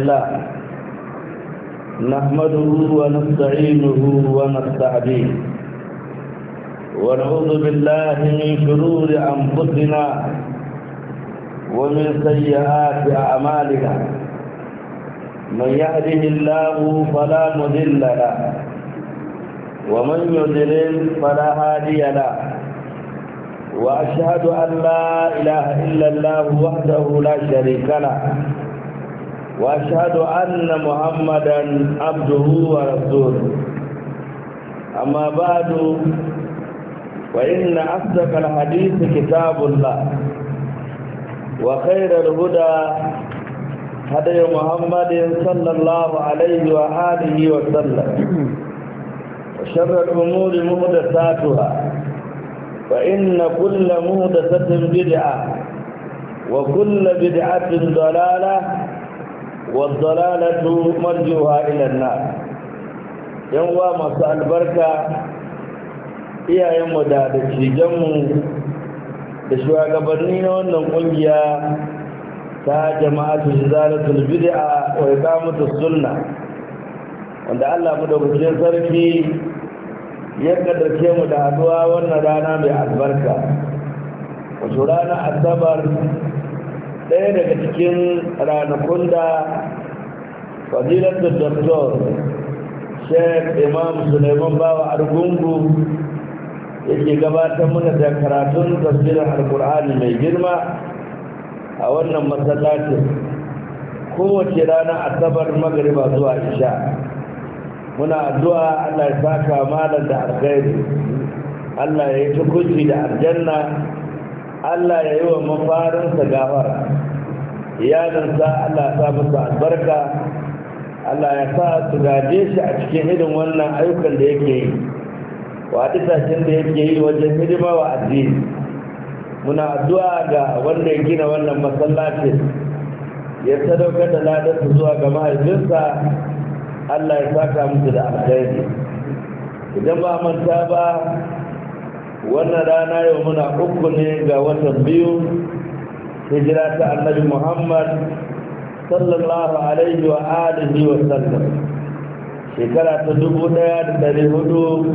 الله نحمده ونستعينه ونستعديه ونعوذ بالله من شرور أنفسنا ومن سيئات أعمالنا من يهده الله فلا مذل له ومن يذلل فلا هادي له وأشهد أن لا إله إلا الله وحده لا شريك له وأشهد أن محمدا عبده ورسوله أما بعد فإن أصدق الحديث كتاب الله وخير الهدى هدي محمد صلى الله عليه وآله وسلم وشر الأمور مهدساتها فإن كل مهدسة بدعة وكل بدعة ضلالة waddalalatu marjuha ila an-nar yan wa masu albarka iyayenmu da dattijanmu da shugabanni na wannan kungiya ta jama'atu zalatul bid'a wa iqamatus sunna wanda Allah mu dauke sarki ya kadarce mu da haduwa wannan rana mai albarka wato rana asabar ɗaya daga cikin ranakun da fadilar da doktor sheikh imam suleiman bawa argungu yake gabatar mana da karatun tafsirin alkur'ani mai girma a wannan masallacin kowace rana asabar magariba zuwa isha muna addu'a allah ya saka malam da alkhairi allah ya yi tukunci da aljanna Allah ya yi wa mafarinsa gafara iyalinsa Allah ya sa musu albarka Allah ya sa su gaje shi a cikin irin wannan ayyukan da yake yi wa tasashen da yake yi wajen hidima wa addini muna addu'a ga wanda ya gina wannan masallacin ya sadaukar da ladarsa zuwa ga mahaifinsa Allah ya saka musu da alheri idan ba manta ba wannan rana yau muna uku ne ga watan biyu hijira ta annabi muhammad sallallahu alaihi wa alihi wa sallam shekara ta dubu daya da dari hudu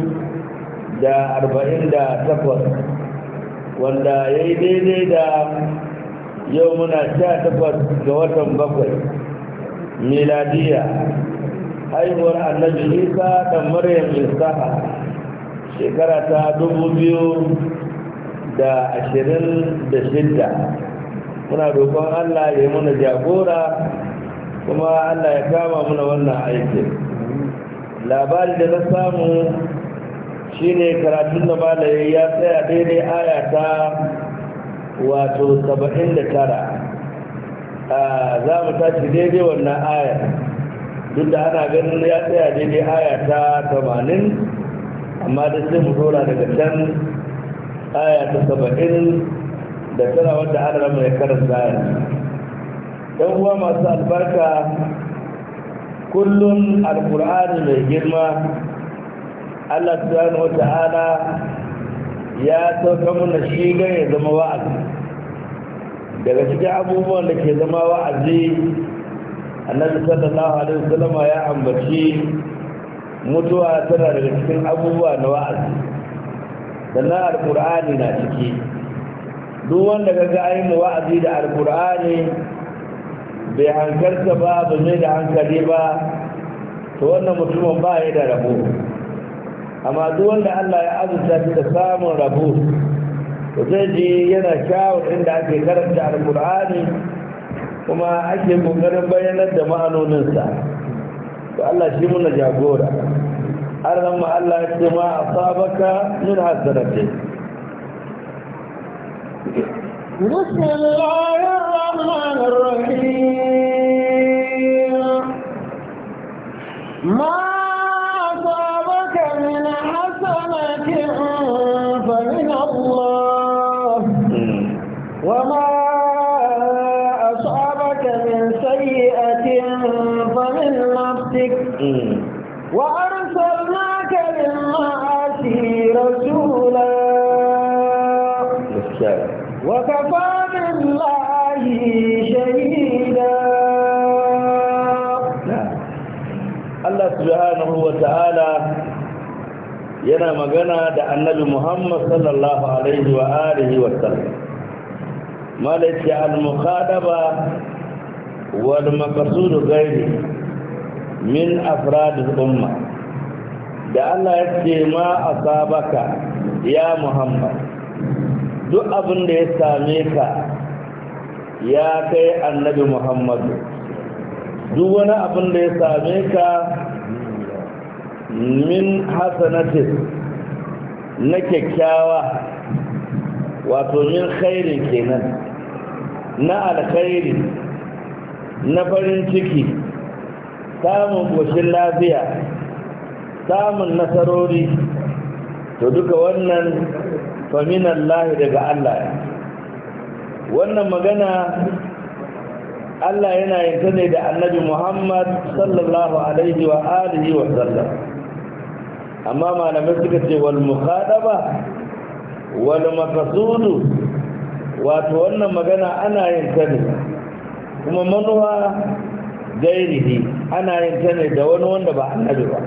da arba'in da takwas wanda ya yi daidai da yau muna sha takwas ga watan bakwai miladiya haihuwar annabi isa da maryam isa'a shekara ta dubu biyu da ashirin da shidda muna roƙon allah ya yi muna jagora kuma allah ya kama muna wannan aiki. labari da na samu shine karatun da malaye ya tsaya daidai aya ta wato saba'in da tara za mu tashi daidai wannan aya. duk da ana ganin ya tsaya daidai ayata tamanin amma da sai mu dora daga can aya ta saba'in da tana wadda an rama ya karanta ya ɗan uwa masu albarka kullum alƙur'ani mai girma allah subhanahu wa ta'ala ya sauka mana shi ga ya zama wa'azi daga cikin abubuwan da ke zama wa'azi annabi sallallahu alaihi wasallama ya ambaci mutuwa tana daga cikin abubuwa na wa'azi sannan alkur'ani na ciki duk wanda kaga ayin wa'azi da alkur'ani bai hankarta ba ba zai da hankali ba to wannan mutumin ba ya da rabo amma duk wanda Allah ya azurta shi da samun rabo to zai je yana kyawun inda ake karanta alkur'ani kuma ake kokarin bayanar da ma'anoninsa to Allah shi muna jagora har nan ma Allah ya ce ma asabaka min hasanati بسم الله الرحمن الرحيم yana magana da annabi muhammad sallallahu alaihi wa alihi wa sallam malaiti al-mukhadaba wal maqsud ghairi min afrad al-umma da Allah ya ce ma asabaka ya muhammad duk abin da ya same ka ya kai annabi muhammad duk wani abin da ya same ka min hasanatin na kyakkyawa wato min khairin kenan na alkhairi na farin ciki samun goshin lafiya samun nasarori to duka wannan faminan lahi daga Allah wannan magana Allah yana yin ta ne da annabi Muhammad sallallahu alaihi wa alihi wa amma malamai suka ce wal mukhadaba wal maqsudu wato wannan magana ana yin ta ne kuma manuwa gairihi ana yin ta ne da wani wanda ba annabi ba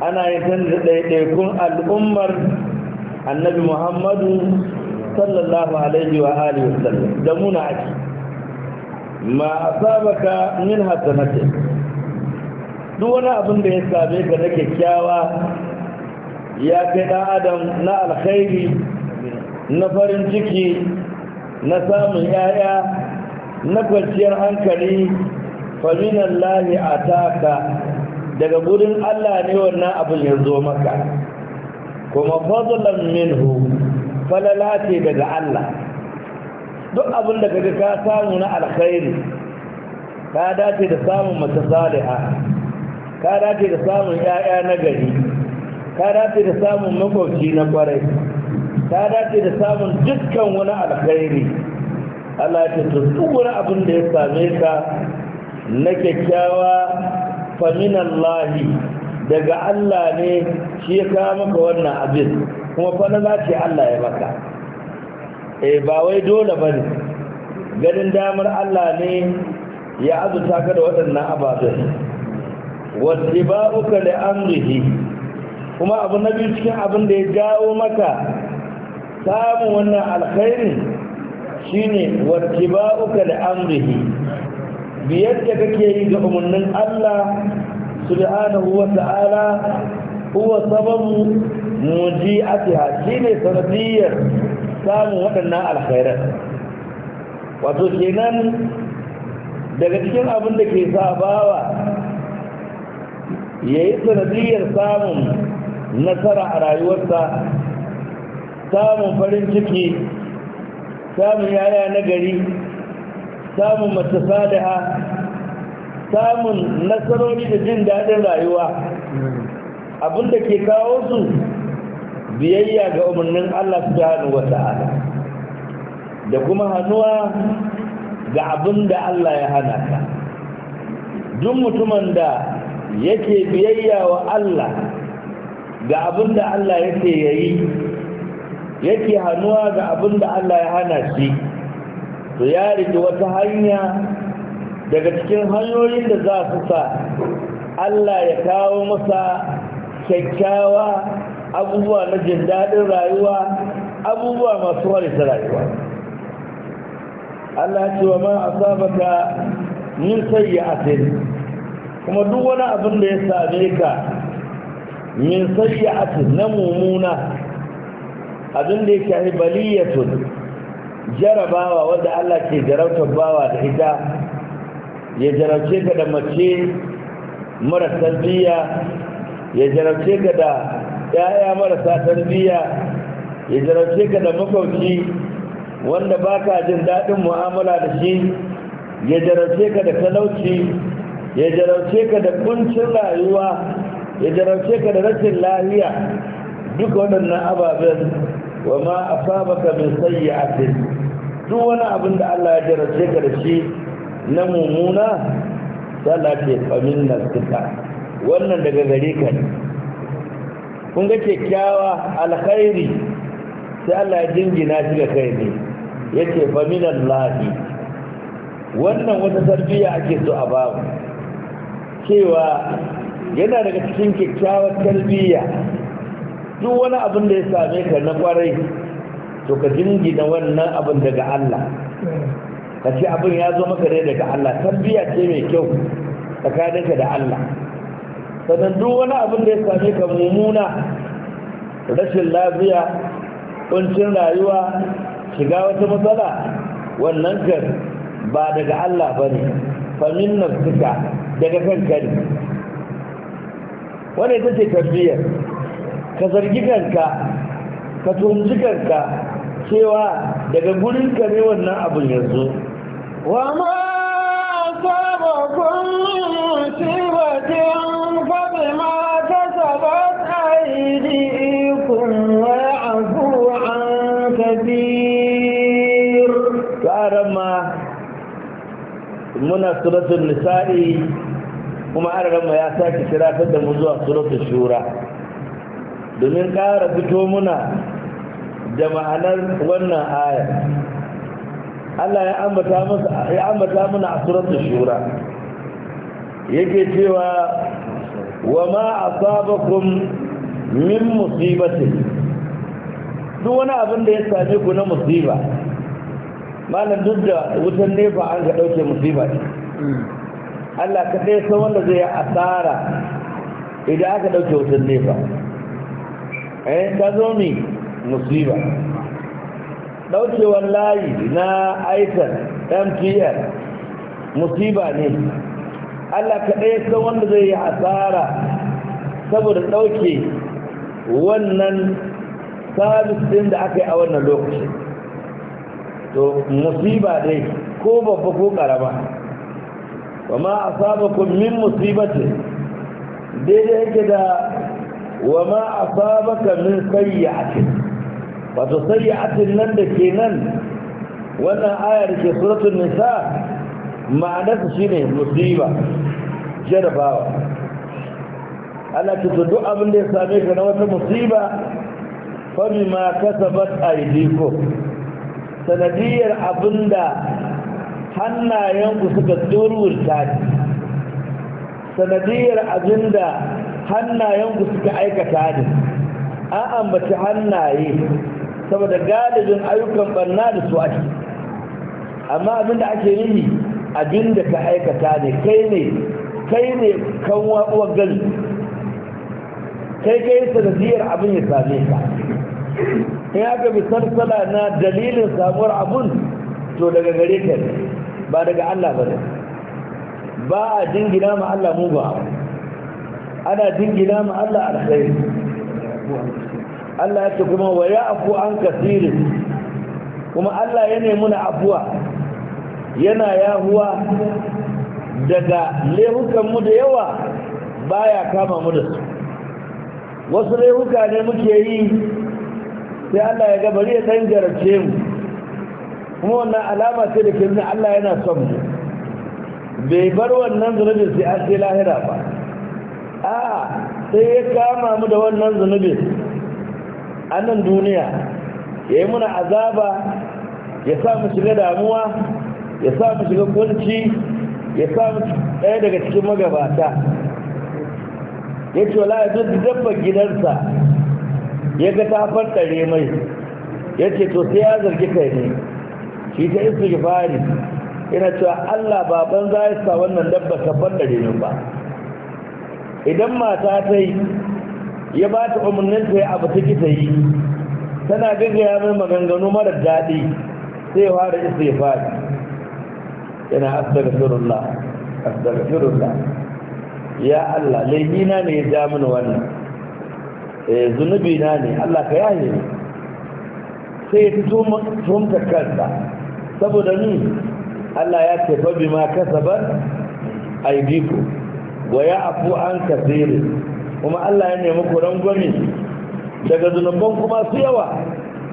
ana yin ta ne da ɗaiɗaikun al'ummar annabi muhammadu sallallahu alaihi wa alihi wasallam da muna ake ma asabaka min hasanatin duk wani abin da ya same ka na kyakkyawa ya kai ɗan adam na alkhairi na farin ciki na samun yaya na kwanciyar hankali faminan lahi a taka daga gudun allah ne wannan abin ya zo maka kuma fadlan minhu falala ce daga allah duk abin da kaga ka samu na alkhairi ka dace da samun mace saliha ka dace da samun ‘ya'ya na gari ka dace da samun makwabci na kwarai ka dace da samun dukkan wani alkhairi Allah ta tuttu wani abin da ya same ka na kyakkyawa famin Allahi daga Allah ne shi ya kawo maka wannan abin kuma fana za ce Allah ya maka eh ba wai dole ba ne ganin damar Allah ne ya azuta ka da waɗannan ababen wattiba'uka da amrihi kuma abu na biyu cikin abin da ya jawo maka samun wannan alkhairi shine wattiba'uka da amrihi biyar da kake yi ga umarnin Allah subhanahu wa ta'ala huwa sababu muji'atiha shine sanadiyar samun waɗannan alkhairar wato kenan daga cikin abin da ke sa bawa ya yi sanadiyar samun nasara a rayuwarsa samun farin ciki samun yaya nagari, gari samun mace sadaha samun nasarori da jin daɗin rayuwa abinda ke kawo su biyayya ga umarnin Allah su hannu ala da kuma hannuwa ga abinda Allah ya hana ka duk mutumin da yake biyayya wa Allah ga abin da Allah yake yayi yake hannuwa ga abin da Allah ya hana shi to ya rige wata hanya daga cikin hanyoyin da za su sa Allah ya kawo masa kyakkyawa abubuwa na jin daɗin rayuwa abubuwa masu warisa rayuwa Allah ce wa ma asabaka min sayyi'atin kuma duk wani abin da ya same ka min sayyi'atin na mumuna abin da yake baliyatun jarabawa wanda Allah ke jarautar bawa da ita ya jarauce ka da mace marasa tarbiyya ya jarauce ka da yaya marasa tarbiyya ya jarauce ka da makwabci wanda baka jin daɗin mu'amala da shi ya jarauce ka da talauci ya jarabce ka da kuncin rayuwa ya jarabce ka da rashin lafiya duka waɗannan ababen wa ma a saba ka mai min sayyi'atin duk wani abin da Allah ya jarabce ka da shi na mummuna sallah ce famin suka wannan daga gare ka ne kun ga kyakkyawa alkhairi sai Allah ya jingina shi ga kai ne yake famin Allah wannan wata tarbiyya ake so a babu cewa yana daga cikin kyakkyawar tarbiyya duk wani abin da ya same ka na kwarai to ka jingina wannan abin daga Allah ka ce abin ya zo maka ne daga Allah tarbiyya ce mai kyau tsakaninka da Allah sannan duk wani abin da ya same ka mummuna rashin lafiya kuncin rayuwa shiga wata matsala wannan kan ba daga Allah ba ne famin nafsika daga kanka ne wannan ta ce tarbiyyar ka zargi kanka ka tunji kanka cewa daga gurin kare wannan abin yanzu wa ma sabakun tibatin faɗi ma ta sabat kun wa afu an kabir ƙarar ma muna suratun nisa'i kuma ararama ya sake kiratar da mu zuwa suratul shura domin ƙara fito muna da ma'anar wannan aya. Allah ya ambata masa ya ambata muna a suratul shura yake cewa wa ma asabakum min musibatin duk wani abin da ya same ku na musiba malam duk da wutan nefa an ga dauke musiba ne Allah ka ɗaya san wanda zai yi asara idan aka ɗauke wutar nefa eh ta zo ne musiba ɗaukewar layi na aitar mtn musiba ne Allah ka ɗaya san wanda zai yi asara saboda ɗauke wannan sabis ɗin da aka yi a wannan lokacin to musiba dai ko babba ko ƙarama wa ma asabakum min musibatin daidai yake da wa ma asabaka min sayyi'atin wato atin nan da ke nan wannan ayar ke suratun nisa ma'anarsa shine musiba jarabawa ana ce duk abin da ya same ka na wata musiba fa bima kasabat aydikum sanadiyar abinda hannayenku suka durwurta ne, sanadiyar abinda hannayenku suka aikata ne, an ambaci hannaye saboda galibin ayyukan barna da su ake amma abinda ake nufi abinda ka aikata ne kai ne kai ne kan uwar gani kai kai sanadiyar abin ya same ka in aka bi sarsala na dalilin samuwar abun to daga gare ka ne ba daga Allah ba ba a jingina ma Allah mu ba ana jingina ma Allah alkhair Allah yake kuma wa ya'fu an kasiri kuma Allah ya nemi na afuwa yana yahuwa daga lehukan mu da yawa baya kama mu da su wasu laifuka ne muke yi sai Allah ya ga bari ya dan mu kuma wannan alama ce da ke nuna Allah yana son mu bai bar wannan zunubin sai an sai lahira ba a sai ya kama mu da wannan zunubin a nan duniya ya yi muna azaba ya sa mu shiga damuwa ya sa mu shiga kunci ya sa mu ɗaya daga cikin magabata ya ce wala ya dabbar gidansa ya ga ta ɗare mai ya ce to sai ya zargi kai ne shi ta istighfari ina cewa Allah baban za ya sa wannan dabba tabbar da renin ba idan mata ta yi ya ba ta umarnin ta yi abu ta ki ta yi tana gaggaya mai maganganu mara daɗi sai ya fara istighfari yana astaghfirullah astaghfirullah ya Allah laifina ne ya ja mini wannan eh zunubi na ne Allah ka yaye ni sai ya tumta kanta. saboda ni Allah ya ce fa bima kasaba aibiku wa afu an kaseer kuma Allah ya nemi ku rangwame daga zunuban kuma su yawa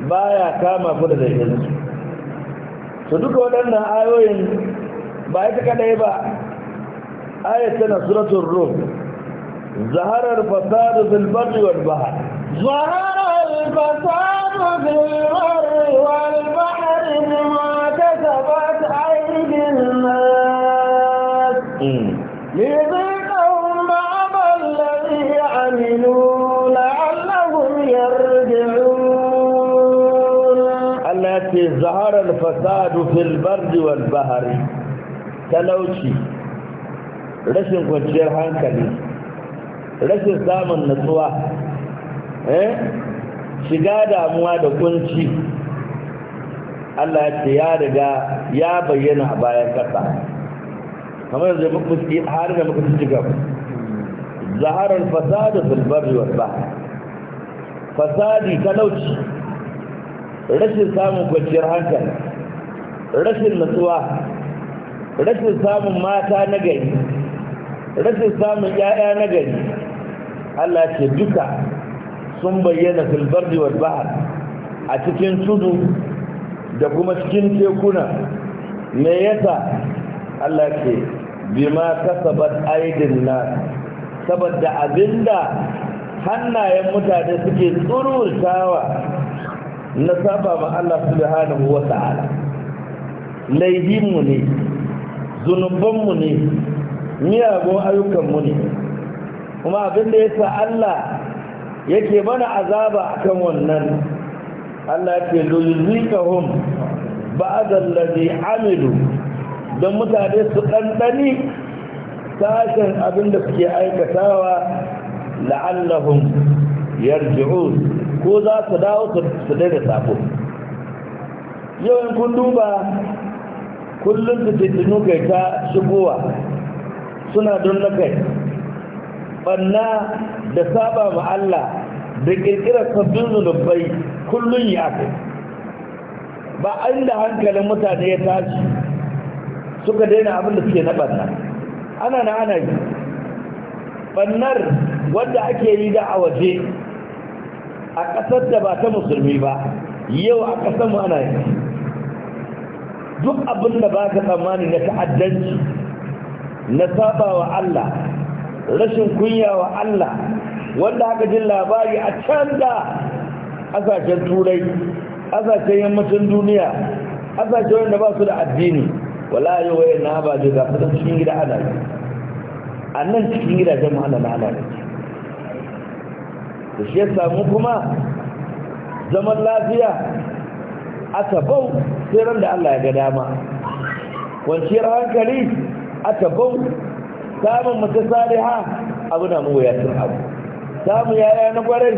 baya kama ku da dangin su duka waɗannan ayoyin ba ita kadai ba ayat tana suratul rum zaharar fasadu fil barri wal bahr zaharar fasadu fil barri wal لعلهم يرجعون التي ظهر الفساد في البر والبحر talauci rashin kwanciyar hankali rashin samun nutsuwa eh shiga damuwa da kunci Allah ya ce ya riga ya bayyana bayan kasa kamar yanzu muka har da muka ci gaba ظهر الفساد في البر والبحر فسادي talauci rashin samun kwanciyar hankali rashin nutsuwa rashin samun mata na gari rashin samun ƴaƴa na gari Allah ce duka sun bayyana fil bardi wal a cikin tudu da kuma cikin tekuna me yasa Allah ce bima kasabat aidin nas saboda abinda hannayen mutane suke tsururtawa na saba ma Allah subhanahu wa ta'ala laihinmu ne zunubanmu ne miyagun ayyukanmu ne kuma abinda ya Allah yake mana azaba akan wannan Allah yake lulzikahum ba'adal ladhi amilu don mutane su ɗanɗani sashen abin da suke aikatawa la'allahum yarji'un ko za su dawo su daina sako yau in kun duba kullum su fitinu kai ta shigowa suna don na kai banna da saba ma Allah da ƙirƙirar sabbin zunubai kullum ya kai ba inda hankalin mutane ya tashi suka daina abin da suke na ɓanna ana na ana yi bannar wadda ake yi da a waje a ƙasar da ba ta musulmi ba yau a ƙasar mu ana yi duk abin da ba ka tsammani na ta'addanci na saba wa Allah rashin kunya wa Allah wanda aka jin labari a can da ƙasashen turai ƙasashen yammacin duniya ƙasashen wanda ba su da addini wala yau wayan na ba je ga fitan cikin gida ana ne a nan cikin gidajen na ana ne da shi ya samu kuma zaman lafiya aka bau sai ran da Allah ya ga dama kwanciyar hankali aka bau samun mace saliha abu na mu wayatun abu samun yaya na kwarai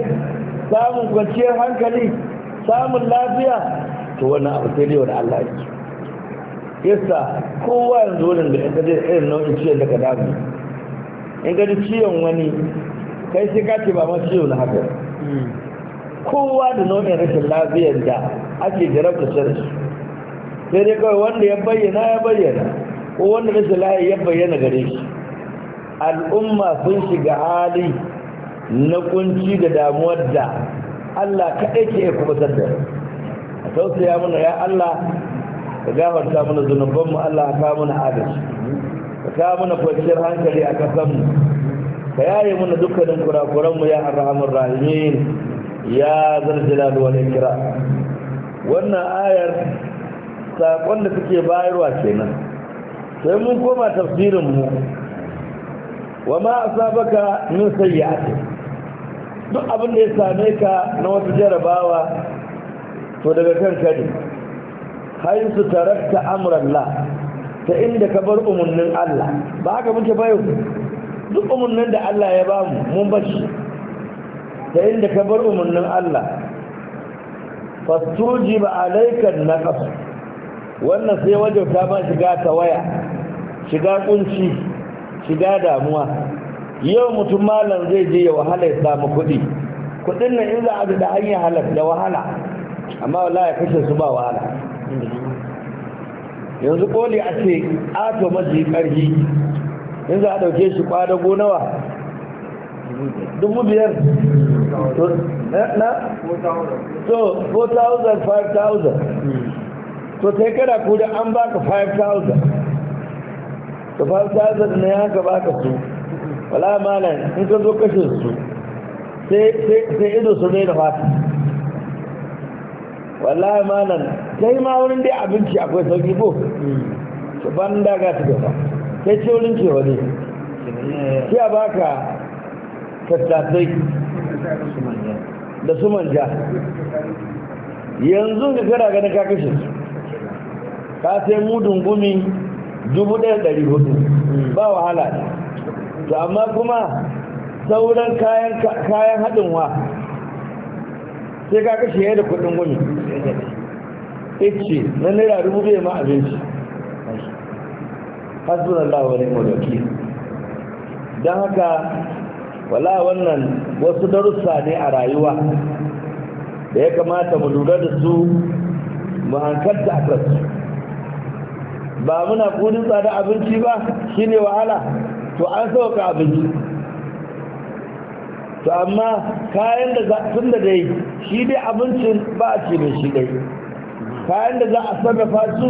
samun kwanciyar hankali samun lafiya to wannan abu sai dai wani Allah ya ce yasa kowa yanzu wurin da in ka je irin nau'in ciwon da ka damu in ka ji ciwon wani kai sai ka ce ba ma ciwo na haka hmm. kowa da nau'in rashin lafiyar da ake jarabta shi sai dai kawai wanda ya bayyana ya bayyana ko wanda rashin lafiyar ya bayyana gare shi al'umma sun shiga hali na kunci da damuwar da Allah kaɗai ke kubutar da tausaya mana ya Allah ka gafarta mana zunubanmu Allah ka mana adalci ka ka mana kwanciyar hankali a kasanmu ka yaye mana dukkanin kurakuranmu ya arhamar rahimin ya zarjala da wani kira wannan ayar saƙon da suke bayarwa kenan sai mun koma tafsirinmu wa ma asabaka min sayyi'atin duk abin da ya same ka na wata jarabawa to daga kan ne haisu tarakta amuran la ta inda ka bar umarnin Allah ba haka muke bayo duk umarnin da Allah ya ba mu mun bashi ta inda ka bar umarnin Allah fastuji ba alaikan na kasu wannan sai wajen ta ba shiga ta waya, shiga kunci shiga damuwa yau mutum malam zai je ya wahala ya samu kuɗi kuɗin nan in za a da hanyar halar da wahala amma wala ya kashe su ba wahala yanzu koli a ce ato maji karhi in za a dauke shi kwada gonawa dubu biyar eh, na? 4,000 5,000 so sai kada kuda an baka 5,000 to 5,000 na yanka baka su wala malam in ka zo kashin su sai ido su ne da fata wallahi malam kai ma wurin dai abinci akwai sauki ko su ban daga ta gaba sai ce wurin ce wani sai a baka tattasai da su manja yanzu da kana gani ka kashe su ka sai mudun gumi dubu ɗaya ɗari hudu ba wahala to amma kuma sauran kayan haɗin wa sai ka kashe ya da kudin gumi ice na naira dubu bai ma abinci hasu na wani mawaki don haka wala wannan wasu darussa ne a rayuwa da ya kamata mu lura da su mu hankalta a ba muna kudin tsada abinci ba shine wahala to an sauka abinci to amma kayan da za tun da dai shi dai abincin ba a ce mai shi dai kayan da za a sarrafa su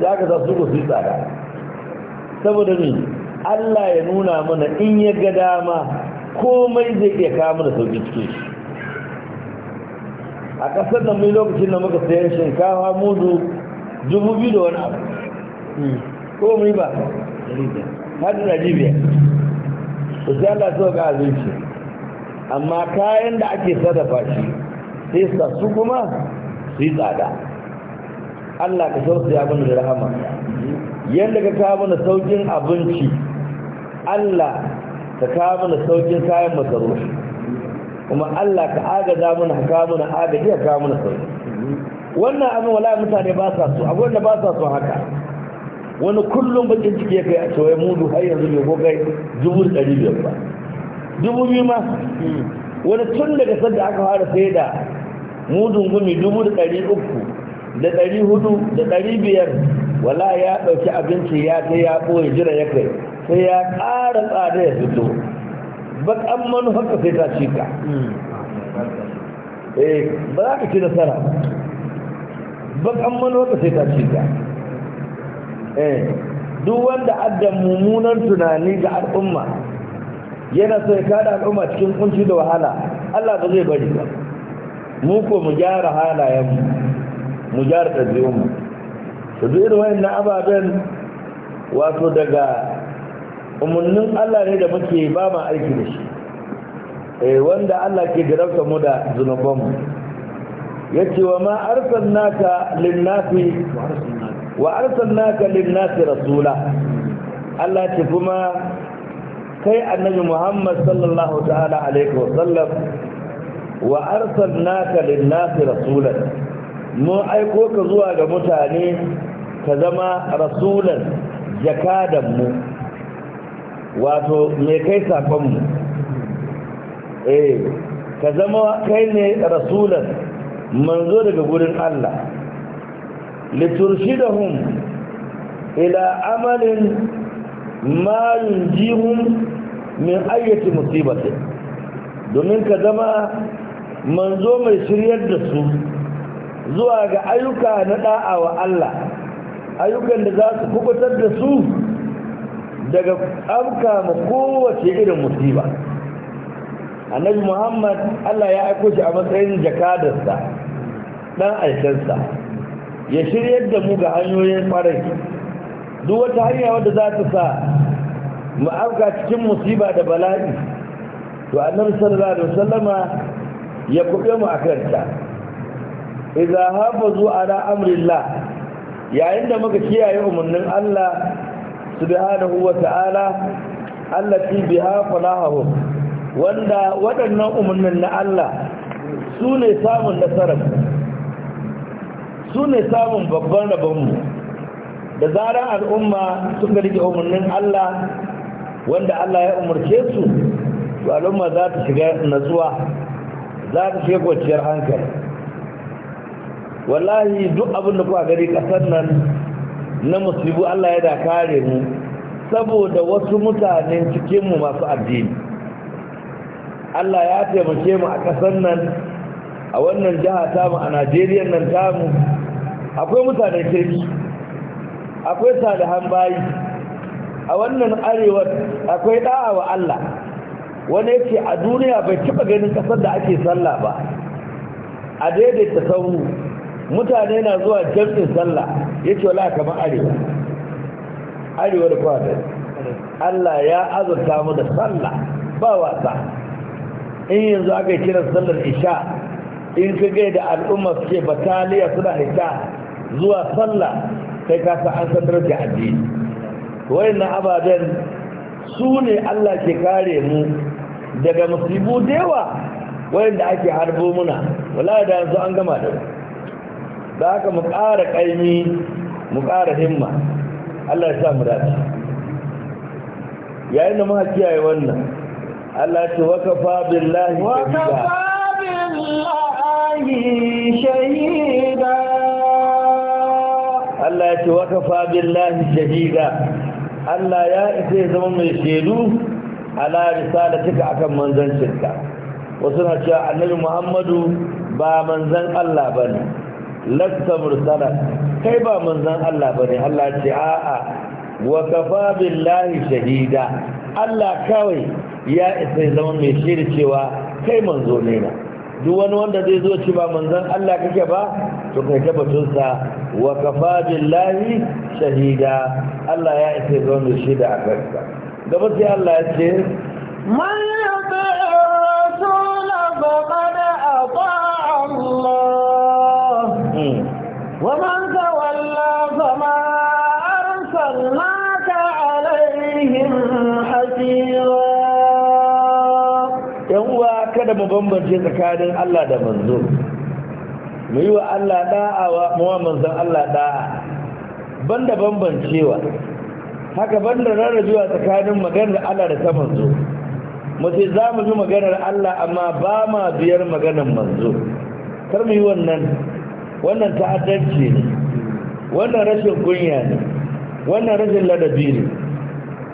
za ka za su gusi tsada saboda ne Allah ya nuna mana in ya ga dama komai zai iya kawo mana sauki cikin shi a ƙasar da mai lokacin da muka sayan shinkafa mudu dubu biyu da wani abu hmm. komai ba har da biyar to sai Allah so ga abinci amma kayan da ake sarrafa shi sai sa su kuma su yi tsada Allah ka tausaya mana da rahama yadda ka kawo na saukin abinci Allah ka kawo na saukin kayan masarufi kuma Allah ka agaza mana ka kawo na agaji ka kawo na sauki wannan abin wala mutane ba sa so abin da ba sa so haka wani kullum bakin ciki ya kai a cewa mudu har yanzu bai ko kai dubu ɗari biyar ba dubu biyu ma wani tun daga sadda aka fara sai da mudun gumi dubu da ɗari uku da ɗari hudu da ɗari biyar wala ya ɗauki abinci ya ta ya ɓoye jira ya kai sai ya ƙara tsada ya fito baƙan ka sai ta ci ka eh ba za ka ci nasara baƙan ka sai ta ci ka eh duk wanda adda mummunan tunani ga al'umma yana so ya kada al'umma cikin kunci da wahala Allah ba zai bari ba mu ko mu gyara halayen mu mu gyara ɗabi'un mu to duk irin wayannan ababen wato daga umarnin Allah ne da muke ba ma aiki da shi eh wanda Allah ke jarabta mu da zunuban mu yace wa ma arsalnaka lin wa arsalnaka lin rasula Allah ce kuma kai annabi muhammad sallallahu ta'ala alaihi wa sallam wa arsalnaka lin-nasi rasulan mun aiko ka zuwa ga mutane ka zama rasulan jakadan mu wato me kai sakon mu eh ka zama kai ne rasulan manzo daga gurin Allah liturshidahum ila amalin ma yunjihum min ayyati musibati domin ka zama manzo mai shiryar da su zuwa ga ayyuka na da'a wa Allah ayyukan da za su kubutar da su daga afka ma kowace irin musiba annabi muhammad Allah ya aiko shi a matsayin jakadarsa ɗan aikinsa ya shiryar da mu ga hanyoyin kwarai duk wata hanya wadda za ta sa mu afka cikin musiba da bala'i to annabi sallallahu alaihi wasallama ya kube mu akan ta idza hafazu ala amrillah yayin da muka kiyaye umarnin Allah subhanahu wa ta'ala allati biha falahu wanda waɗannan umarnin na Allah su ne samun nasarar su ne samun babban rabonmu da zarar al'umma sun ga rike umarnin Allah wanda Allah ya umarce su to al'umma za ta shiga natsuwa za ta shiga kwanciyar hankali wallahi duk abin da kuka gari kasar nan na musibu Allah ya da kare mu saboda wasu mutanen cikinmu masu addini Allah ya taimake mu a kasar nan a wannan jiha tamu a Najeriya nan tamu akwai mutanen kirki akwai sadahan bayi a wannan arewar akwai da'a wa Allah wani yake a duniya bai taba ganin kasar da ake sallah ba a daidaita sauru mutane na zuwa jam'in sallah ya ce wala kamar arewa arewa da kwadar Allah ya azurta mu da sallah ba wasa in yanzu aka kira sallar isha in ka gai da al'umma suke bataliya suna isha zuwa sallah sai ka sa an sandar da addini wayannan ababen su ne Allah ke kare mu daga musibu da yawa wayanda ake harbo muna wallahi da yanzu an gama da da haka mu ƙara ƙaimi mu ƙara himma Allah ya sa mu dace yayin da muka kiyaye wannan Allah ya ce wa kafa billahi wa kafa billahi shahida Allah ya ce wa kafa billahi shahida Allah ya isa ya zama mai shaidu ala cika akan manzan manzancinka wasu na cewa annabi Muhammadu ba manzan Allah bane lasta mursala kai ba manzan Allah bane Allah ce a'a wa kafa billahi shahida Allah kawai ya isa ya zama mai shaidu cewa kai manzo ne na duk wani wanda zai zo ci ba manzon Allah kake ba to kai tabbatun sa wa kafa billahi shahida Allah ya isa zo shida a kanka gaba sai Allah ya ce man kada mu bambance tsakanin Allah da manzo mu yi wa Allah da'a wa manzon Allah da'a banda bambancewa haka banda rarrajuwa tsakanin maganar Allah da ta manzo mu sai za mu yi maganar Allah amma ba ma biyar maganar manzo kar mu yi wannan wannan ta'addanci ne wannan rashin kunya ne wannan rashin ladabi ne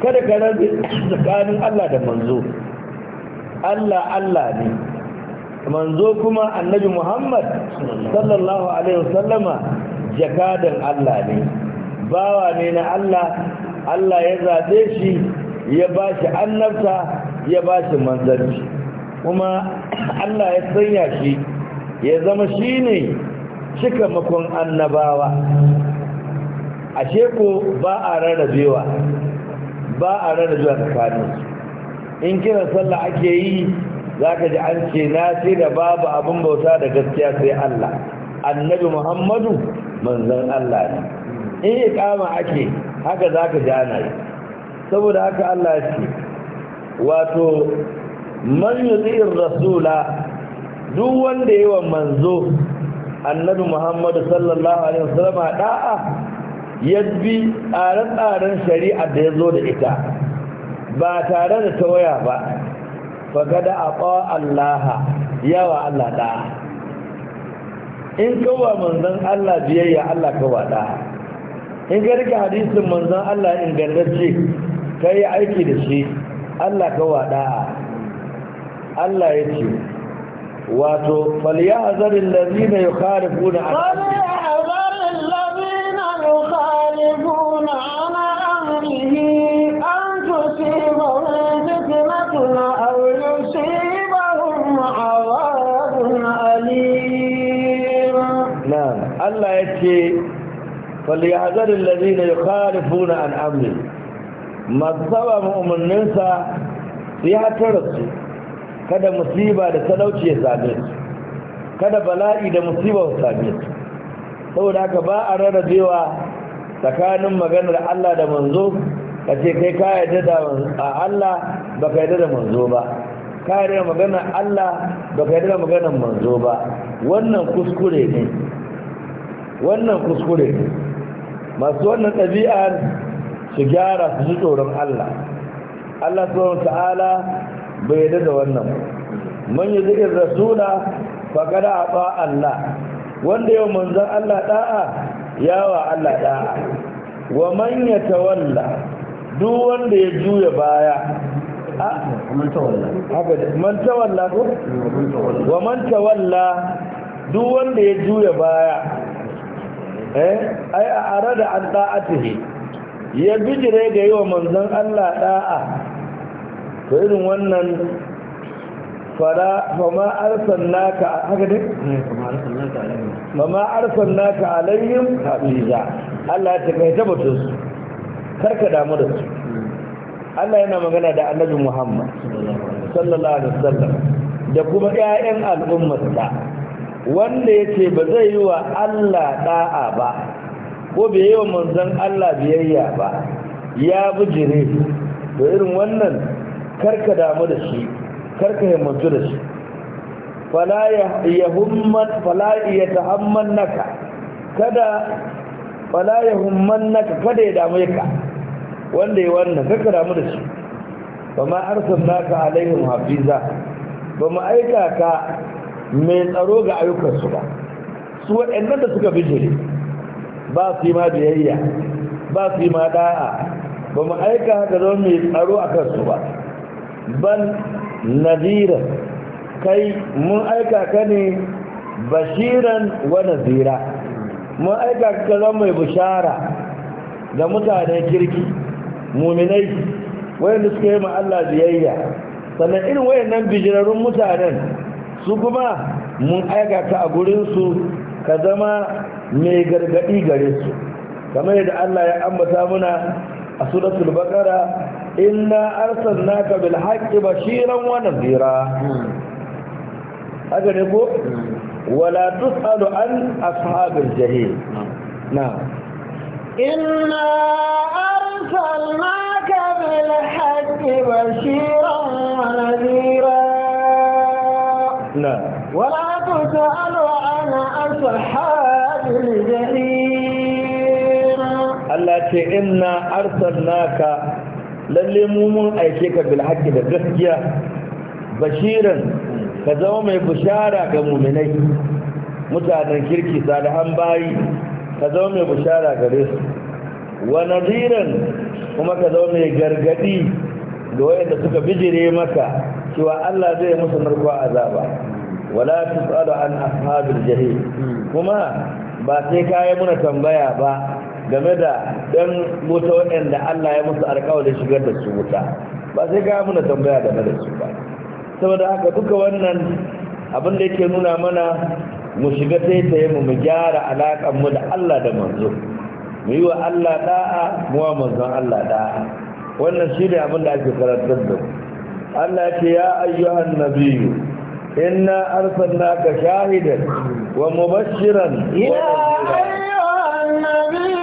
kada ka rarrabe tsakanin Allah da manzo Allah Allah ne manzo kuma annabi Muhammad sallallahu alaihi wasallama jakadan Allah ne bawa ne na Allah Allah ya zaɓe shi ya ba annabta ya ba shi manzanci kuma Allah ya sanya shi ya zama shine cika makon annabawa ashe ko ba a rarrabewa ba a rarrabewa tsakaninsu in kira sallah ake yi za ka ji an ce na ce da babu abin bauta da gaskiya sai Allah annabi muhammadu manzan Allah ne in yi kama ake haka za ka ji ana yi saboda haka Allah ya ce wato man yuzi'ir rasula duk wanda yawan wa manzo annabi muhammadu sallallahu alaihi wasallama da'a yadda tsare-tsaren shari'a da ya zo da ita ba tare da tawaya ba fagada a Allaha, yawa Allah ɗaya. in kawa manzan Allah biyayya Allah kawa ɗaya. in ka rika hadisin manzan Allah ingantacce ka yi aiki da shi Allah kawa ɗaya. Allah ya ce wato faliya hazarin lalzina ya kare kuna a Allah ya ce falyazarin lalina ya kare funa al'amri masu saba ma'umanninsa su yi hatararsu kada musiba da talauci ya same su kada bala'i da musiba ya same su saboda haka ba a rarrabewa tsakanin maganar Allah da manzo ka ce kai ka yarda da Allah ba ka yi da manzo ba ka da maganar Allah ba ka yi da maganar manzo ba wannan kuskure ne wannan kuskure masu wannan ɗabi'ar su gyara su su tsoron Allah Allah subhanahu ta'ala bai yadda da wannan man yi zikin rasula a ba Allah wanda yau manzan Allah ɗa'a yawa Allah ɗa'a, wa man yatawalla duk wanda ya juya baya man tawalla ko wa man tawalla duk wanda ya juya baya Eh, ai a arada an da'atihi ya bijire ga wa manzon Allah da'a to irin wannan fara fama arsalnaka haka ne eh, fama arsalnaka alayhim habiza Allah ya takaita batun su karka damu da su hmm. Allah yana magana da Annabi Muhammad sallallahu alaihi wasallam da kuma ƴaƴan al'ummar ta. wanda ya ce ba zai yi wa Allah da'a ba ko bai yi wa manzan Allah biyayya ba ya bijire to irin wannan karka damu da shi karka himmatu da shi fala ya tahamman naka kada fala ya humman naka kada ya damu ka wanda ya wannan karka damu da shi ba ma arsan naka alaihim hafiza ba mu aika ka mai tsaro ga ayyukansu ba su waɗannan da suka bijire ba su yi ma biyayya ba su yi ma da'a ba mu aika haka zama mai tsaro a kansu ba ban naziran kai mun aika ka ne bashiran wa nazira mun aika ka zama mai bishara ga mutanen kirki muminai wayanda suka yi ma Allah biyayya sannan irin wayannan bijirarun mutanen su kuma mun aika a gurinsu ka zama mai gargaɗi gare su kamar yadda Allah ya ambata muna a suratul baqara inna arsalnaka bil haqqi bashiran wa nadhira haka ne ko wala tusalu an ashabil jahil na inna arsalnaka bil haqqi bashiran wa nadhira ولا تسأل عن أصحاب الجحيم الله ce inna arsalnaka lalle mu aike ka bil da gaskiya bashiran ka zama mai bushara ga mu'minai mutanen kirki salihan bayi ka zama mai bushara gare su wa nadiran kuma ka zama mai gargadi ga wayanda suka bijire maka cewa Allah zai musu narko azaba wala tusalu an ashabil jahil kuma ba sai kai muna tambaya ba game da dan wuta waɗanda Allah ya musu alƙawarin shigar da su wuta ba sai kai muna tambaya game da su ba saboda haka duka wannan abin da yake nuna mana mu shiga ta yi mu gyara alaƙar mu da Allah da manzo mu yi wa Allah da'a mu wa manzon Allah da'a wannan shi ne abin da ake karantar da Allah ya ce ya ayyuhan nabiyyu إنا أرسلناك شاهدا ومبشرا يا أيها النبي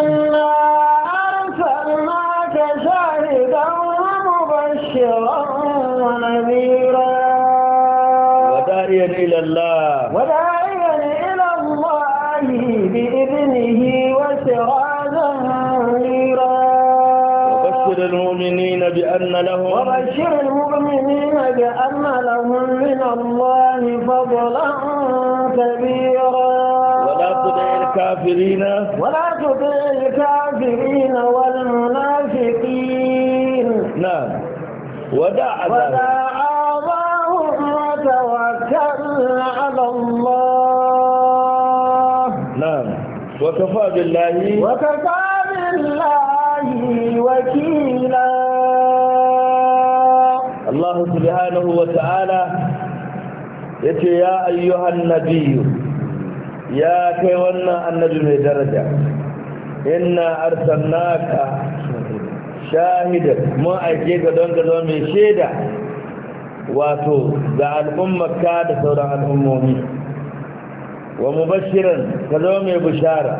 إنا أرسلناك شاهدا ومبشرا بأن لهم وبشر المؤمنين بأن لهم من الله فضلا كبيرا ولا تطع الكافرين ولا تطع الكافرين والمنافقين نعم ودع آباهم وتوكل على الله نعم وكفى بالله وكفى بالله وكيلا Allah subhanahu wa ta'ala ya ce ya ayyuhan nabiyu ya kai wannan annabi mai daraja inna arsalnaka shahidan mun aike ga don ka mai shaida wato ga al'ummarka da sauran al'ummomi wa mubashiran ka zama mai bishara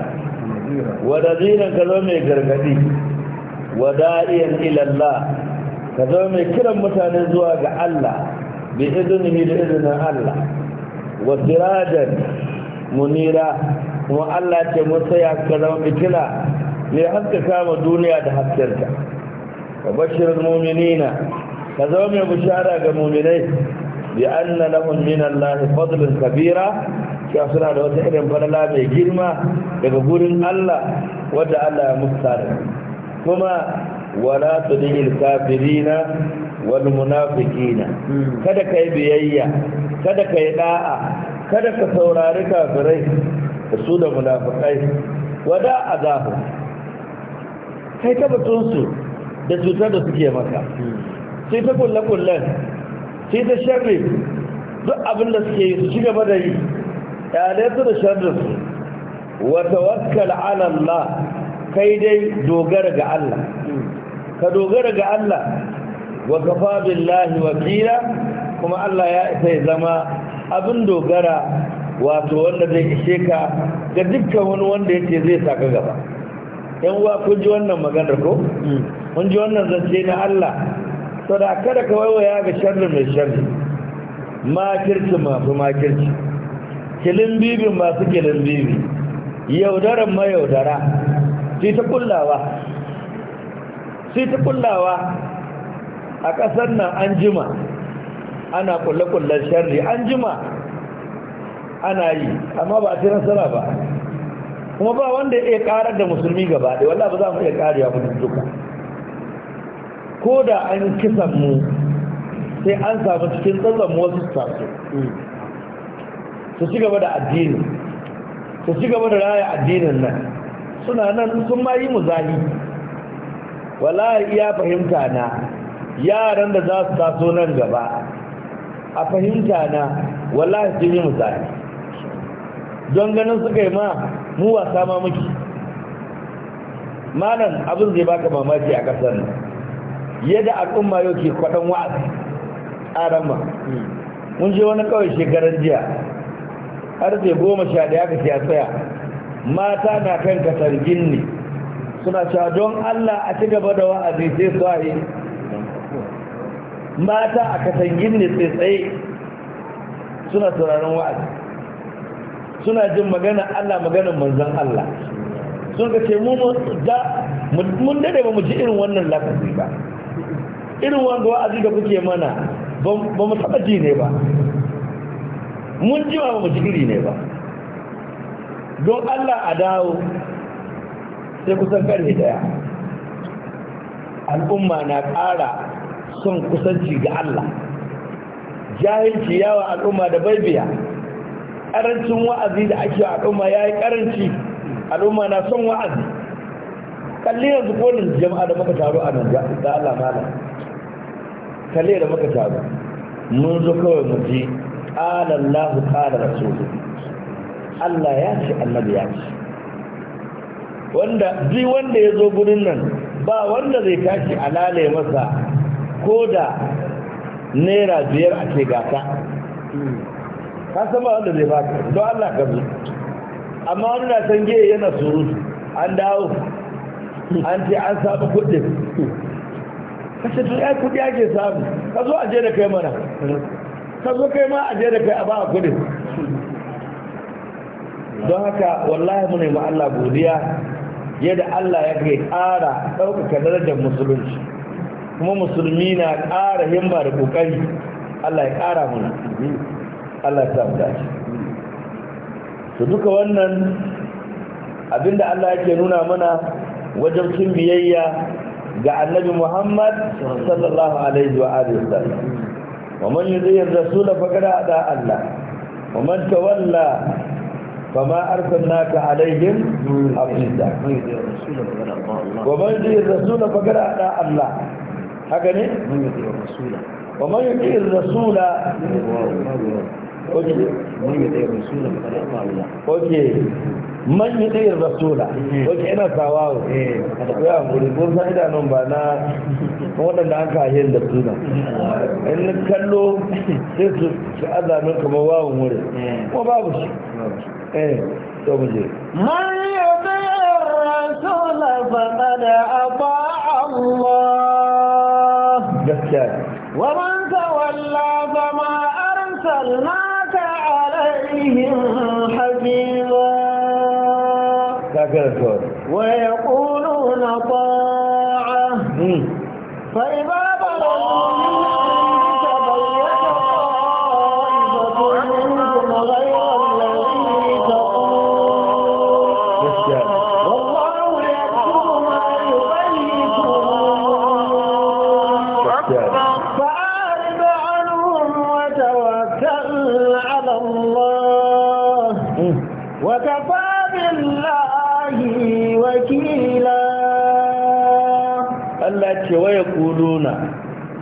wa daziran ka mai gargadi wa da'iyan ilallah ka zama mai kiran mutane zuwa ga Allah bi izinihi da izinin Allah wa sirajan munira kuma Allah ce mun saya ka zama fitila mai haskaka kama duniya da haskenta wa bashirin muminina ka zama mai bishara ga muminai bi anna lahum min Allah fadlun kabira ya suna da wata irin falala mai girma daga gurin Allah wadda Allah ya musta kuma wala tudil kafirina wal munafiqina kada kai biyayya kada kai da'a kada ka saurari kafirai da su da munafikai wada azabu kai ta batun su da cutar da suke maka sai ta kulle kullen sai ta sharri duk abin da suke yi su ci gaba da yi ɗalai su da sharri su wata wakkal ala Allah kai dai dogara ga Allah ka dogara ga Allah wa kafa billahi wakila kuma Allah ya isa ya zama abin dogara wato wanda zai ishe ka ga dukkan wani wanda yake zai saka gaba yan uwa kun ji wannan maganar ko kun mm. ji wannan zance na Allah da kada ka waiwaya ga sharri mai sharri makirci masu makirci kilin bibin masu kilin bibi yaudaran yaudara sai ta kullawa sai ta kullawa a ƙasar nan an jima ana kulle-kullen sharri an jima ana yi amma ba a ce nasara ba kuma ba wanda ya iya karar da musulmi gaba da wallah ba za mu iya kariya mutum duka ko da an kisan mu sai an samu cikin mu wasu sasu su ci gaba da addini su ci gaba da raya addinin nan suna nan sun ma yi mu zahiri wallahi iya fahimta na yaran da za su taso nan gaba a fahimta na wallahi sun yi misali don ganin suka yi ma mu wasa ma muke malam abin zai baka mamaki a kasar nan yadda al'umma yau ke kwaɗan wa'azi tsaran ma mun je wani kawai shekaran jiya har sai goma sha ɗaya ka siya tsaya mata na kan kasar ne. suna cewa don Allah a ci gaba da wa'azi sai yi. mata a gini sai tsaye suna sauraron wa'azi suna jin magana Allah maganin manzan Allah sun ka ce mun dade ba mu ji irin wannan lafazi ba irin wanda wa'azi da kuke mana ba mu taɓa ji ne ba mun ji ba mu ji iri ne ba don Allah a dawo sai kusan karfe daya al'umma na ƙara son kusanci ga Allah jahilci yawa al'umma da baibiya Karancin wa'azi da ake al'umma ya yi karanci, al'umma na son wa'azi kalli yanzu konin jama'a da muka taru a nan da Allah malam kalli da muka taru mun zo kawai mu ji Allahu qala rasuluhu Allah ya ce annabi ya ce wanda ji wanda ya zo gurin nan ba wanda zai tashi alale masa ko da naira biyar a ce gata ka san ba wanda zai baka don Allah ka zo amma wani na san ge yana surutu an dawo an ce an samu ka kashe to ya kudi ake samu ka zo a je da kai mana ka zo kai ma a je da kai a ba a don haka wallahi mu ne ma Allah godiya yadda Allah ya kai ƙara ɗaukaka darajar musulunci kuma musulmi na ƙara himma da ƙoƙari Allah ya ƙara mu Allah ya samu dace to duka wannan abinda Allah yake nuna mana wajen cin biyayya ga annabi Muhammad sallallahu alaihi wa alihi wasallam wa man yudhi ar-rasul faqad ada Allah wa man tawalla فما أرسلناك عليهم حفيظا ومن يطيع الرسول فقال أطاع الله هكذا ومن يطيع الرسول ومن يطيع الرسول اوكي من يطيع الرسول فقد man yi tsayin rasula wace ina sawawo ya hankuri kun san idanun ba na waɗanda an kayan da suna in kallo sai su azamin kamar wawon wuri ko babu shi إيه، تقول من يطع الرسول فقد أطاع الله ومن تولى فما أرسلناك عليهم حفيظا ويقولون طاعة فإذا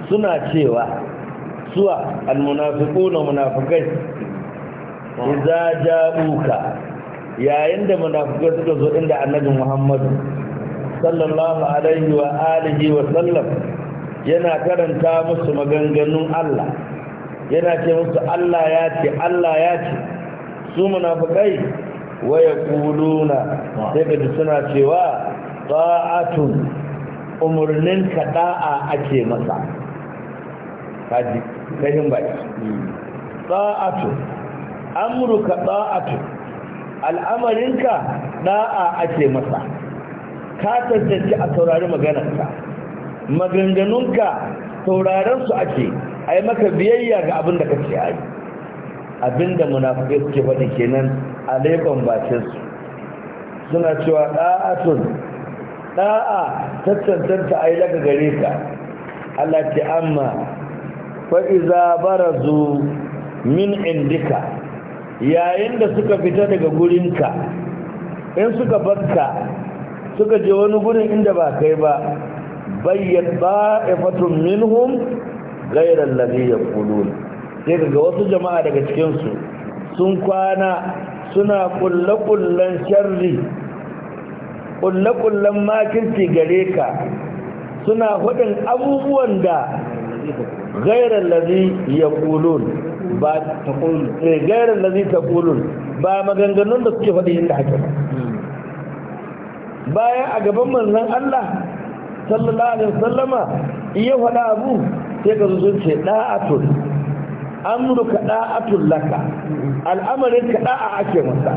suna cewa suwa almunafiquna munafikai idza ja'uka yayin da munafikai suka zo inda annabi Muhammad sallallahu alaihi wa alihi wa sallam yana karanta musu maganganun Allah yana ce musu Allah ya ce Allah ya ce su munafikai waya kuluna sai ka ji suna cewa ta'atun umarnin kaɗa'a ake masa kaji kahin baki da'atu amruka da'atu al'amarinka da'a ake masa ka tantance a saurari maganarka maganganunka sauraron su ake ai maka biyayya ga abin da kake ai abinda munafiki suke faɗi kenan a laifin bakin su suna cewa da'atun da'a tattantanta ai daga gare ka Allah ce amma fa'iza barazu min indika yayin da suka fita daga gurinka in suka bakka suka je wani gurin inda ba kai ba bayyar ba'ifatun minhum gairar laliyar kulun sai daga wasu jama'a daga cikinsu sun kwana suna kullakullan sharri kullakullan kullen makirci gare ka suna hudin abubuwan da غير ya kulun ba ta taqul غير ta kulun ba maganganun da suke faɗi inda haka bayan a gaban manzon Allah sallallahu alaihi wasallama iya faɗa abu sai ka zo ce da'atul amruka da'atul laka al'amarin ka da'a ake masa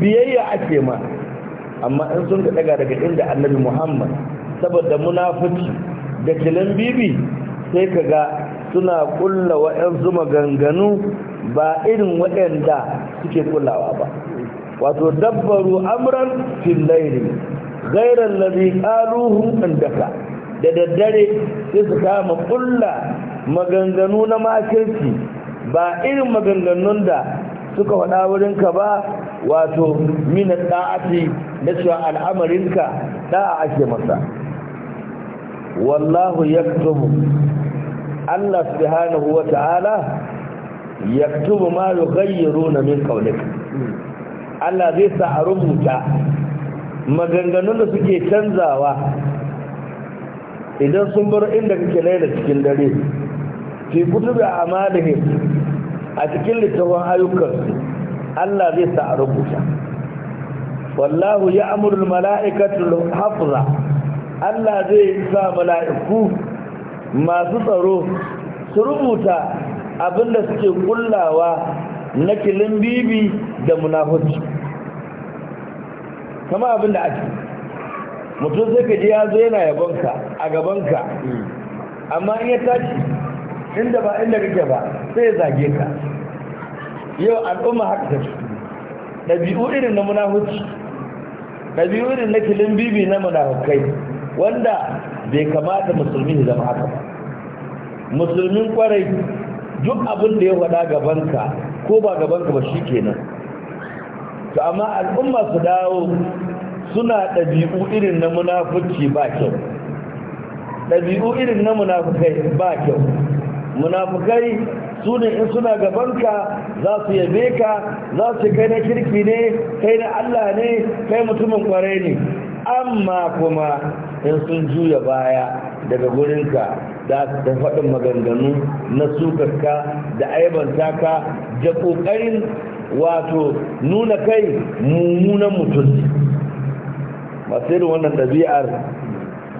biyayya ake ma amma in sun ka daga daga inda annabi Muhammad saboda munafici da kilan bibi sai ka ga suna kulla waɗansu maganganu ba irin waɗanda suke kullawa ba wato dabbaru amran fil gairan ghairal ladhi qaluhu indaka da daddare sai su kama kulla maganganu na makirci ba irin maganganun da suka faɗa wurinka ba wato min da'ati na cewa al'amarinka da'a ake masa wallahu yaktubu Allah subhanahu wa ta'ala yaktubu ma yughayyiruna min qawlik Allah zai sa a rubuta maganganun da suke canzawa idan sun bar inda kake laila cikin dare fi kutubi amalihim a cikin littafin ayyukansu Allah zai sa a rubuta wallahu ya amurul mala'ikatul hafza Allah zai yi sa mala'iku masu tsaro su rubuta abinda suke kullawa na kilin bibi da munafuci kama abinda ake mutum sai ka ji ya zo yana yabonka a gabanka amma in ya tashi inda ba inda kake ba sai ya zage ka yau al'umma haka ta ɗabi'u irin na munafuci ɗabi'u irin na kilin bibi na munafukai wanda bai kamata musulmi ne zama haka ba musulmin kwarai duk abin da ya faɗa gabanka ko ba gabanka ba shi kenan to amma al'umma su dawo suna ɗabi'u irin na munafuci ba kyau ɗabi'u irin na munafukai ba kyau munafukai su ne in suna gabanka za su yabe ka za su kai na kirki ne kai na allah ne kai mutumin kwarai ne amma kuma in sun juya baya daga gurinka da ta faɗin maganganu na sukarka da aibanta ka da ƙoƙarin wato nuna kai mummunan mutum masu irin wannan ɗabi'ar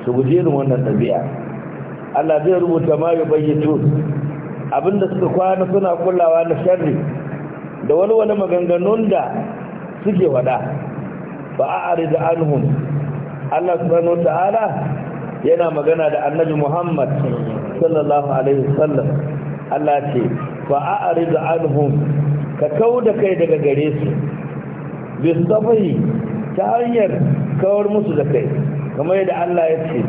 su guje irin wannan ɗabi'ar. Allah zai rubuta ma ya bayyato abinda suka kwana suna kullawa na sharri da wani wani maganganun da suke wada ba a arida anhum Allah subhanahu wata'ala yana magana da annabi Muhammad sallallahu alaihi wasallam Allah ce fa a'rid anhum ka kauda kai daga gare su bi ta hanyar kawar musu da kai kamar yadda Allah ya ce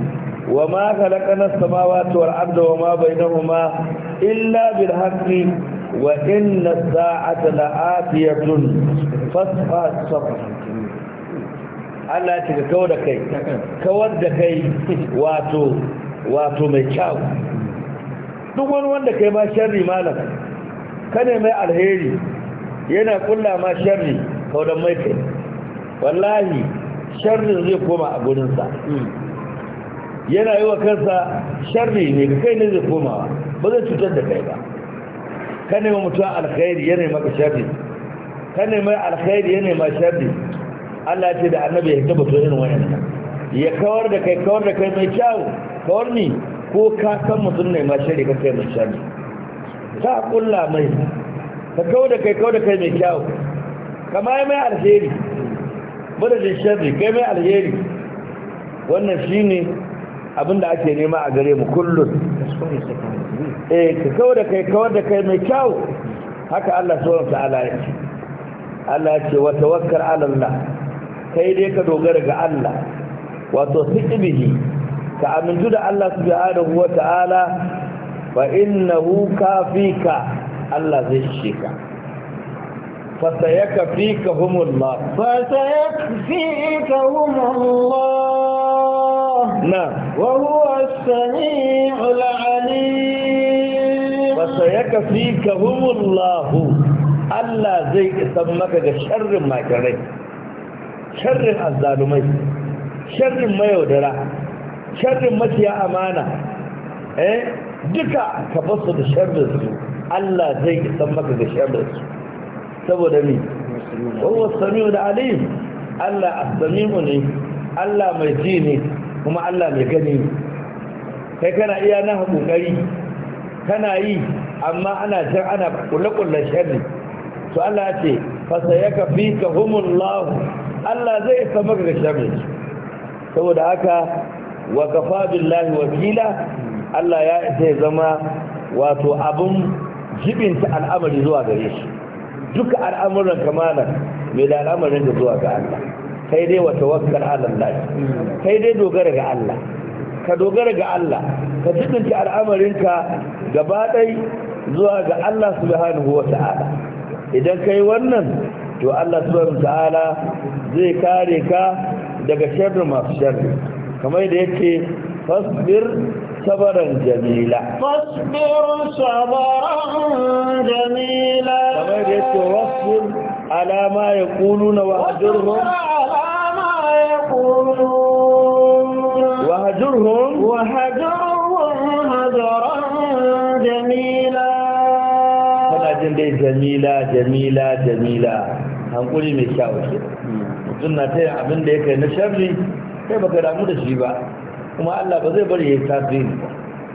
wa ma khalaqana samawati wal arda wa ma bainahuma illa bil haqqi wa inna as-sa'ata la'atiyatun fasfa sabr Allah ya cika kawar da kai kawar da kai wato wato mai kyau duk wani wanda kai ma sharri malam ne mai alheri yana kulla ma sharri kawar mai kai wallahi sharri zai koma a gurinsa yana yi wa kansa sharri ne ga kai ne zai komawa ba zai cutar da kai ba ne mai mutuwa alheri yana yi maka sharri ne mai alheri yana yi ma sharri Allah ce da annabi ya taba to irin wayannan ya kawar da kai kawar da kai mai kyau kawar ni ko ka san mutum ne ma shari ka kai mai kyau ta kulla mai ka kawar da kai kawar da kai mai kyau kama mai alheri bada da shari kai mai alheri wannan shine abin da ake nema a gare mu kullum eh ka kawar da kai kawar da kai mai kyau haka Allah subhanahu wa ta'ala ya ce Allah ya ce wa tawakkal ala kai dai ka dogara ga Allah wato siqibihi ka amintu da Allah subhanahu wa ta'ala fa innahu kafika Allah zai shi ka فسيكفيكهم الله فسيكفيكهم الله نعم وهو السميع ka فسيكفيكهم الله Allah zai isan maka da sharrin makarai sharrin azzalumai sharrin mayaudara sharrin maciya amana eh duka ka basu da sharrin su Allah zai isan maka da sharrin su saboda ni wa samiu da alim Allah as-samiu ne Allah mai ji ne kuma Allah mai gani kai kana iya na kokari kana yi amma ana jan ana kullakullan sharri to Allah ya ce fa sayaka fika humullahu Allah zai isa maka da sharri saboda haka wa kafa billahi wakila Allah ya isa ya zama wato abun jibinta al'amari zuwa gare shi duka al'amuran kamana mai da al'amarin da zuwa ga Allah kai dai wa tawakkal ala Allah kai dai dogara ga Allah ka dogara ga Allah ka jibinta al'amarinka gaba ɗai zuwa ga Allah subhanahu wa ta'ala idan kai wannan to Allah subhanahu ta'ala zai kare ka daga sharri masu sharri kamar da yake fasbir sabaran jamila fasbir sabaran jamila kamar da yake wasbir ala ma yaquluna wahjurhum ala ma yaquluna wahjurhum wahjurhum hadara jin dai jamila jamila jamila hankuri mai kyau ke mutum na ta yin abin da ya kai na sharri kai baka damu da shi ba kuma Allah ba zai bari ya tafi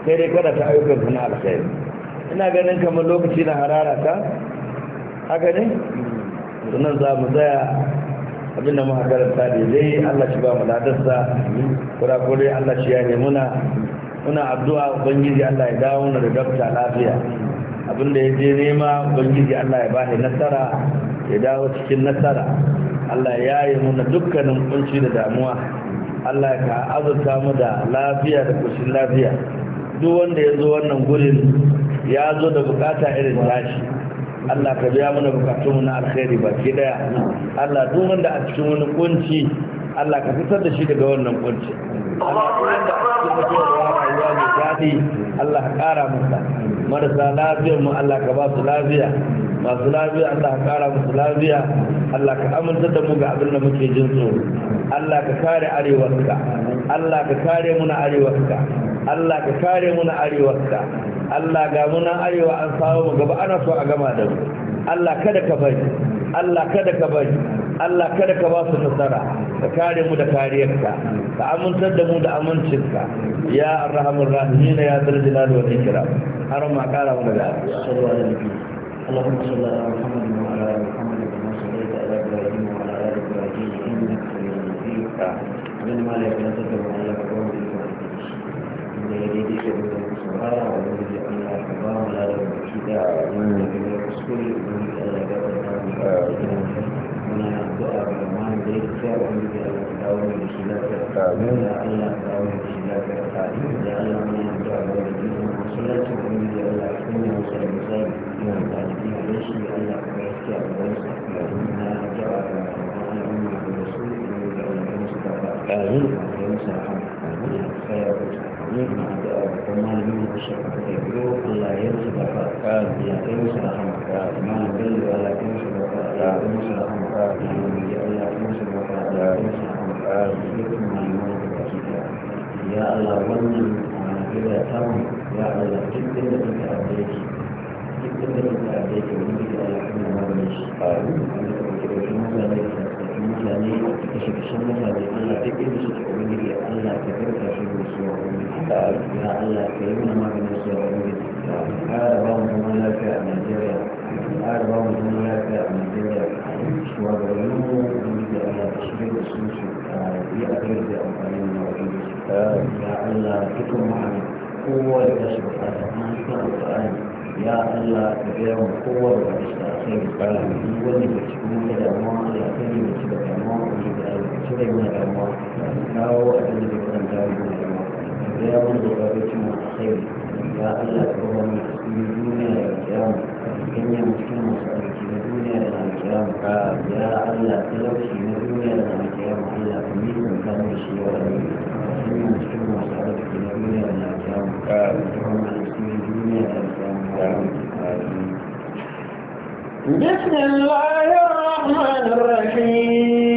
kai dai kada ta ayyukan suna alkhairi ina ganin kamar lokaci na harara ta haka ne sunan za mu tsaya abinda muka karanta da dai Allah shi ba mu ladarsa kurakurai Allah shi ya muna muna addu'a ubangiji Allah ya dawo da dabta lafiya abinda ya je nema ubangiji Allah ya bashi nasara ya dawo cikin nasara Allah ya yi muna dukkanin kunci da damuwa Allah ka azurta mu da lafiya da kushin lafiya duk wanda ya zo wannan gurin ya zo da bukata irin tashi Allah ka biya mana bukatunmu na alkhairi baki daya Allah duk wanda a cikin wani kunci Allah ka fitar da shi daga wannan kunci Allah ka wanda a cikin wani rayuwa mai daɗi Allah ka ƙara masa marasa lafiyar mu Allah ka ba su lafiya masu lafiya Allah ka ƙara musu lafiya Allah ka amince da mu ga abin da muke jin tsoro Allah ka kare arewarka Allah ka kare muna arewarka Allah ka kare muna arewarka Allah ga na arewa an samu gaba ana so a gama da mu Allah kada ka bari Allah kada ka bari Allah kada ka ba su nasara ka kare mu da kariyarka ka amintar da mu da amincinka ya arhamur rahimin ya zaljina da wani kira har ma kara mu da lafiya sallallahu alaihi Allahumma wa wa da ya tsaya wa wani da ya dawo da shi lafiya amin da Allah ya dawo da shi lafiya amin da Allah ya dawo da shi lafiya masallacin wani da Allah ya kuma wasu da misali na da jiki da shi Allah ya gaskiya da wani sakiya domin na ya jawa da al'umma da wasu da da su da ba amin da da ya ya Allah wannan gida ta ya duk da duk da kuma magana shi shi shi ka karka shi wani ya Allah yi mana maganin su a wani gida ka ba mu zaman lafiya a Najeriya ƙara ba mu zama lafiya a da wani mu da Allah ta shirya da su su yi a kai da amfani da wajen da su ya Allah dukkan ma'ana kowa da ta shi bukata na suna da ƙarani ya Allah ka biya mu kowa da ta shi a kai da duk cikin wata damuwa Allah ta yi da shi da damuwa wanda da Allah ta cire mana damuwa kawo abin da ke kwanta mana damuwa wanda ya ga cikin wata ya Allah ka ba mu cikin duniya da sanya mu cikin masu na duniya da na kiyama ya Allah talauci na duniya da na kiyama Allah ka nisan kanu da shi wa ne sanya mu cikin masu na duniya da na kiyama ka kuma cikin duniya da na kiyama بسم الله الرحمن الرحيم